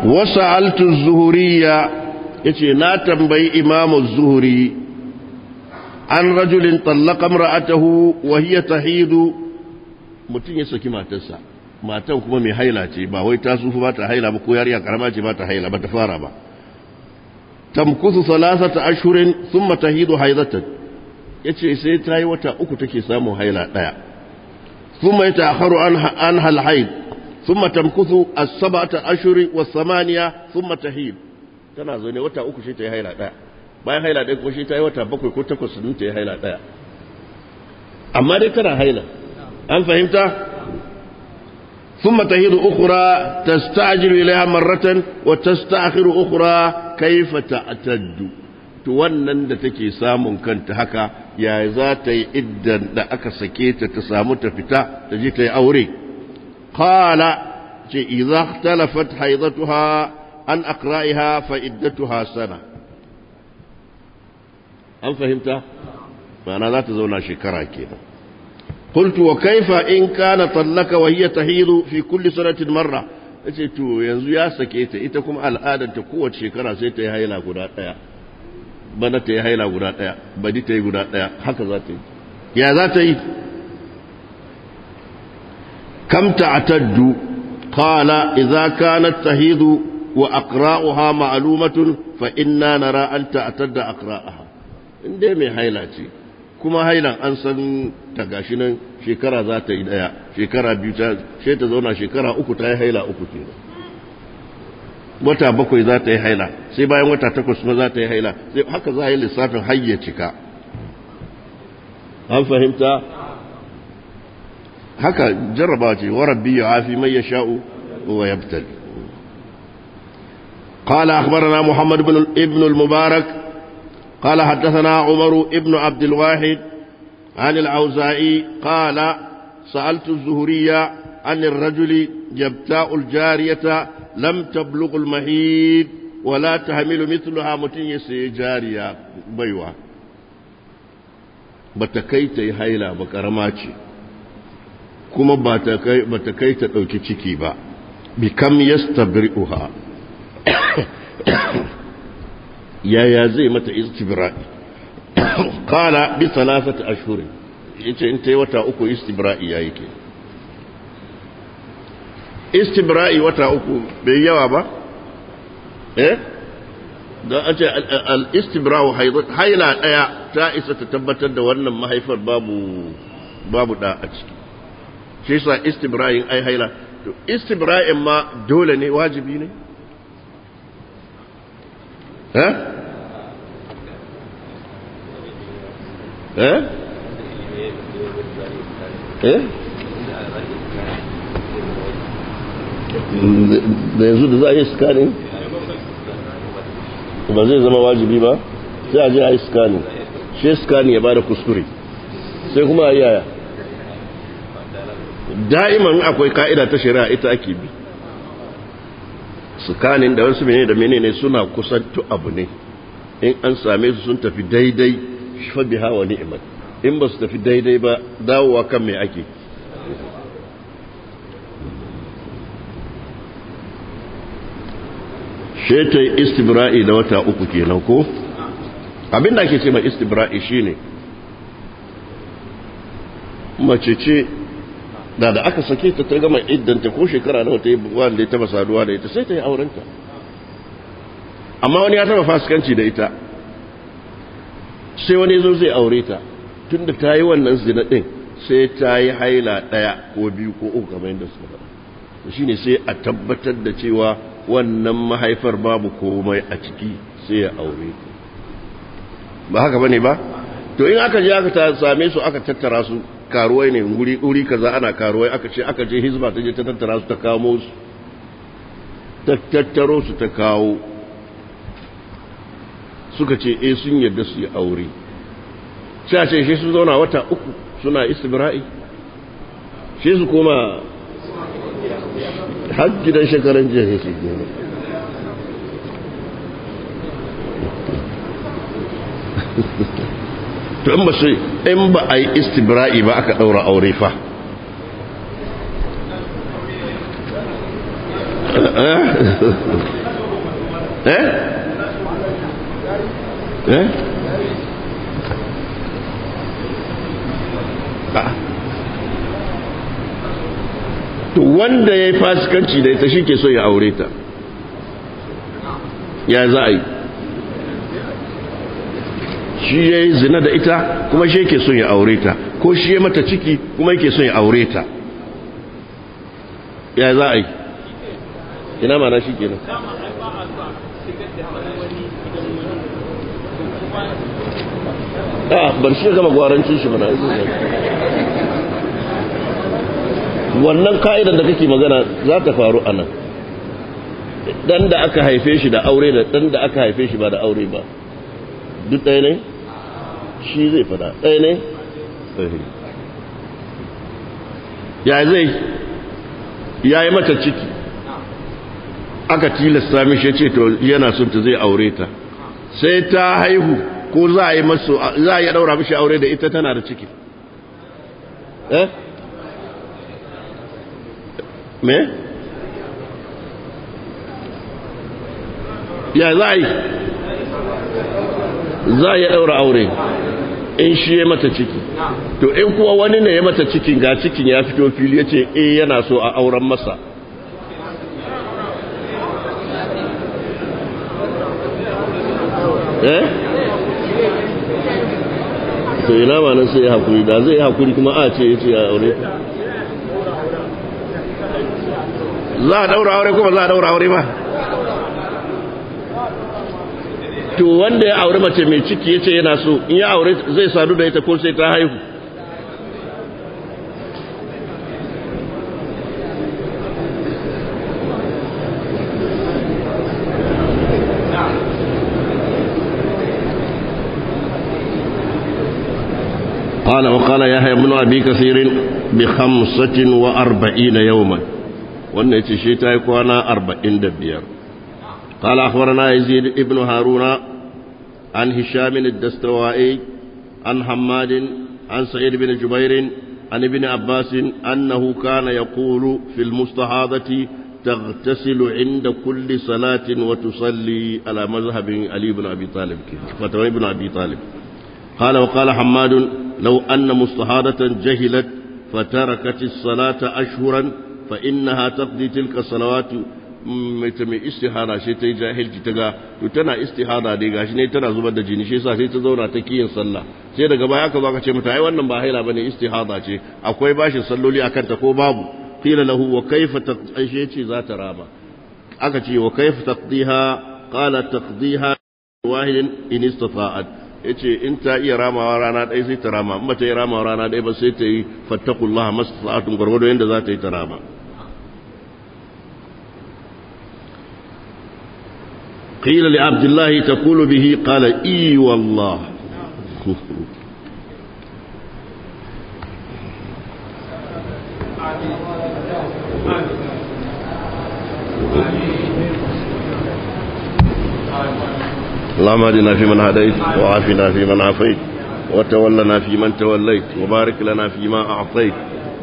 wa sa'altu az-zuhuriyya yace na tambayi imamu az-zuhri an rajulin tallaqa imra'atahu wa hiya tahidu mutun ya saki matarsa matan kuma mai haila ce ba wai ta sufu ba ta haila ba ko yariya karama ce ba ta haila ba ta fara ba tamkusu salasata ashurin thumma tahidu haidatan yace sai ta yi wata uku take samun haila daya thumma yata'akharu an an hal haid ثم تمكث السبعة أشهر والثمانية ثم تهيل tana zaune wata uku shi ta yi haila ɗaya bayan haila ɗaya kuma shi ta yi wata bakwai ko takwas su ta yi haila ɗaya amma dai tana haila an fahimta ثم تهيد أخرى تستعجل إليها مرة وتستأخر أخرى كيف تعتد wannan da take samun kanta haka yaya za ta yi iddan da aka sake ta ta samu ta fita ta je ta yi aure قال إذا اختلفت حيضتها عن أقرائها فإدتها سنة هل فهمت؟ فأنا لا تزونا شكرا كذا قلت وكيف إن كان طلق وهي تحيض في كل سنة مرة أتيت ينزو يا سكيت إتكم الآن أنت قوة شكرا سيت يا هيلا قرات يا بنت يا هيلا قرات يا بديت يا قرات يا هكذا يا ذاتي كم تعتد قال إذا كانت تهيد وأقراؤها معلومة فإنا نرى أن تعتد أقراءها إندي مي حيلاتي كما هيلا أنسان تقاشنا شكرا ذات إدايا شكرا بيوتا شيتا زونا شكرا أكتا تاي أكتا wata bakwai za ta yi haila sai bayan wata takwas ma za ta yi haila sai haka za a yi lissafin hayyacika an fahimta هكا جرباتي وربي يعافي من يشاء ويبتلي قال أخبرنا محمد بن ابن المبارك قال حدثنا عمر ابن عبد الواحد عن العوزائي قال سألت الزهرية عن الرجل يبتاء الجارية لم تبلغ المهيد ولا تحمل مثلها متنس جارية بيوة بتكيت هيلا بكرماتي kuma ba ta kai ta ɗauki ciki ba bikam yastabri'uha yaya zai mata istibra'i qala bi thalathati Ya yace in tayi wata uku istibra'i yi ke istibra'i wata uku bai yawa ba eh da ce al istibra'u haila daya ta isa ta tabbatar da wannan mahaifar babu babu da a ciki shi yasa istibra'in ai haila to istibra'in ma dole ne wajibi ne eh eh eh da yanzu da za a yi scanning ba zai zama wajibi ba sai a je a yi scanning shi scanning ya ba da kuskure sai kuma a yi yaya da'iman akwai ka'ida ta shari'a ita ake bi tsakanin da wasu menene da menene suna kusantu abu ne in an same su sun tafi daidai fa biha wa ni'mat in ba su tafi daidai ba dawowa kan me ake shetai istibra'i da wata uku kenan ko abin da ake ce mai istibra'i shine mace ce da da aka sake ta ta gama iddanta ko shekara nawa ta yi wanda ya taba saduwa da ita sai ta yi aurenta amma wani ya taba fasikanci da ita sai wani zo zai aure ta tunda ta yi wannan zina din sai ta yi haila ɗaya ko biyu ko uku kamar yadda suka faɗa shi ne sai a tabbatar da cewa wannan mahaifar babu komai a ciki sai ya aure ba haka bane ba to in aka je aka same su aka tattara su karuwai ne wuri wuri kaza ana karuwai aka ce aka je hizba ta je ta tattara su ta kamo su ta tattaro su ta kawo suka ce eh sun yarda su yi aure sai a ce shi su zauna wata uku suna istibra'i shi su koma har gidan shekaran jiya sai su gina to in ba su in ba a yi istibra'i ba aka ɗaura aure fa eh? Eh? Eh? Ah. to wanda ya yi fasikanci da ita shi ke so ya aure ta ya za a yi shi ya yi zina da ita kuma shi yake son ya aure ta ko shi ya mata ciki kuma yake son ya aure ta ya za a yi ina mana shi ke nan ah, shi gama gwarancin shi mana wannan ka'idar da kake magana za ta faru a nan dan da aka haife shi da aure da dan da aka haife shi ba da aure ba duk ɗaya ne shi zai fada ɗaya ne ya zai ya yi mata ciki aka tilasta mishi ce to yana sun ta zai aure ta sai ta haihu ko za a yi masu za a yi daura mishi aure da ita tana da ciki eh me ya za a yi za a yi daura aure in shi ya mata ciki to in kuwa wani ne ya mata cikin ga cikin ya fito fili ya ce eh yana so a auren masa eh to ina ma nan sai ya hakuri da zai hakuri kuma a ce ce ya aure za a daura aure kuma za a daura aure ba to wanda ya aure mace mai ciki yace yana so in ya aure zai sadu da ita ko sai ta haihu قال وقال يحيى بن wa كثير بخمسة yau يوما wannan ce shi ta yi kwana arba'in da biyar قال أخبرنا يزيد ابن هارون عن هشام الدستوائي عن حماد عن سعيد بن جبير عن ابن عباس أنه كان يقول في المستحاضة تغتسل عند كل صلاة وتصلي على مذهب علي بن أبي طالب فتوى ابن أبي طالب قال وقال حماد لو أن مستحاضة جهلت فتركت الصلاة أشهرا فإنها تقضي تلك الصلوات mai ta mai istihara sai ta yi jahilci ta ga to tana istihara dai gashi ne tana zubar da jini shi yasa sai ta zauna ta kiyin sallah sai daga baya ka aka ce mata ai wannan ba haila bane istihara ce akwai bashin salloli akan ta ko babu qila lahu wa kaifa taqdi ce za ta rama aka ce wa kaifa taqdiha qala taqdiha wahidin in istata'at yace in ta iya ramawa rana ɗaya sai ta rama in ba ta iya ramawa rana ɗaya ba sai ta yi fattakullaha mastata'atun gwargwado yadda za ta yi ta rama قيل لعبد الله تقول به قال اي والله اللهم اهدنا فيمن هديت وعافنا فيمن عافيت وتولنا فيمن توليت وبارك لنا فيما اعطيت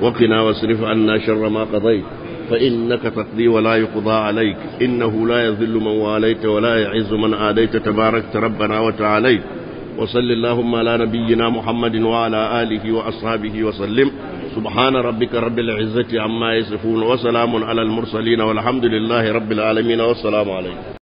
وقنا واصرف عنا شر ما قضيت فإنك تقضي ولا يقضى عليك إنه لا يذل من واليت ولا يعز من آديت تباركت ربنا وتعاليت وصل اللهم على نبينا محمد وعلى آله وأصحابه وسلم سبحان ربك رب العزة عما يصفون وسلام على المرسلين والحمد لله رب العالمين والسلام عليكم